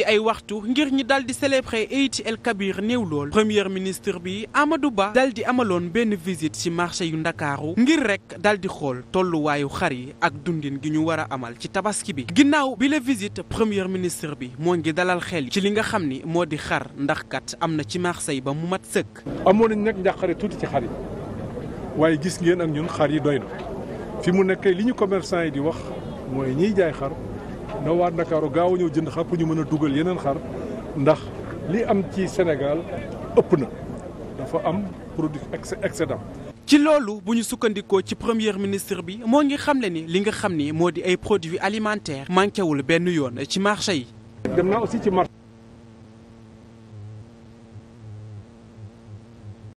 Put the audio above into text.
ci ay waxtu ngir ñi dal di célébrer Eid el Kabir néew lool premier ministre bi Amadou Ba dal di amaloon benn visite ci marché yu ndakaaru ngir rek dal di xool tolluwaayu xar yi ak dundin gi ñu war a amal ci tabaski bi ginnaaw bi la visite premier ministre bi moo ngi dalal xel ci li nga xam ni moo di xar ndax kat am na ci marché yi ba mu mat sëkk. amoon nañ nag njàqare tuuti ci xar yi waaye gis ngeen ak ñoom xar yi doy na fi mu nekk li ñu commerçant yi di wax mooy ñiy jaay xar. ñoo waa Ndakaaru gaaw a jënd xar pour ñu mën a dugal yeneen xar ndax li am ci Sénégal ëpp na dafa am produit excédent ci loolu bu ñu sukkandikoo ci premier ministre bi moo ngi xam xamle ni li nga xam ni moo di ay produits alimentaires manqué wul benn yoon ci marché yi.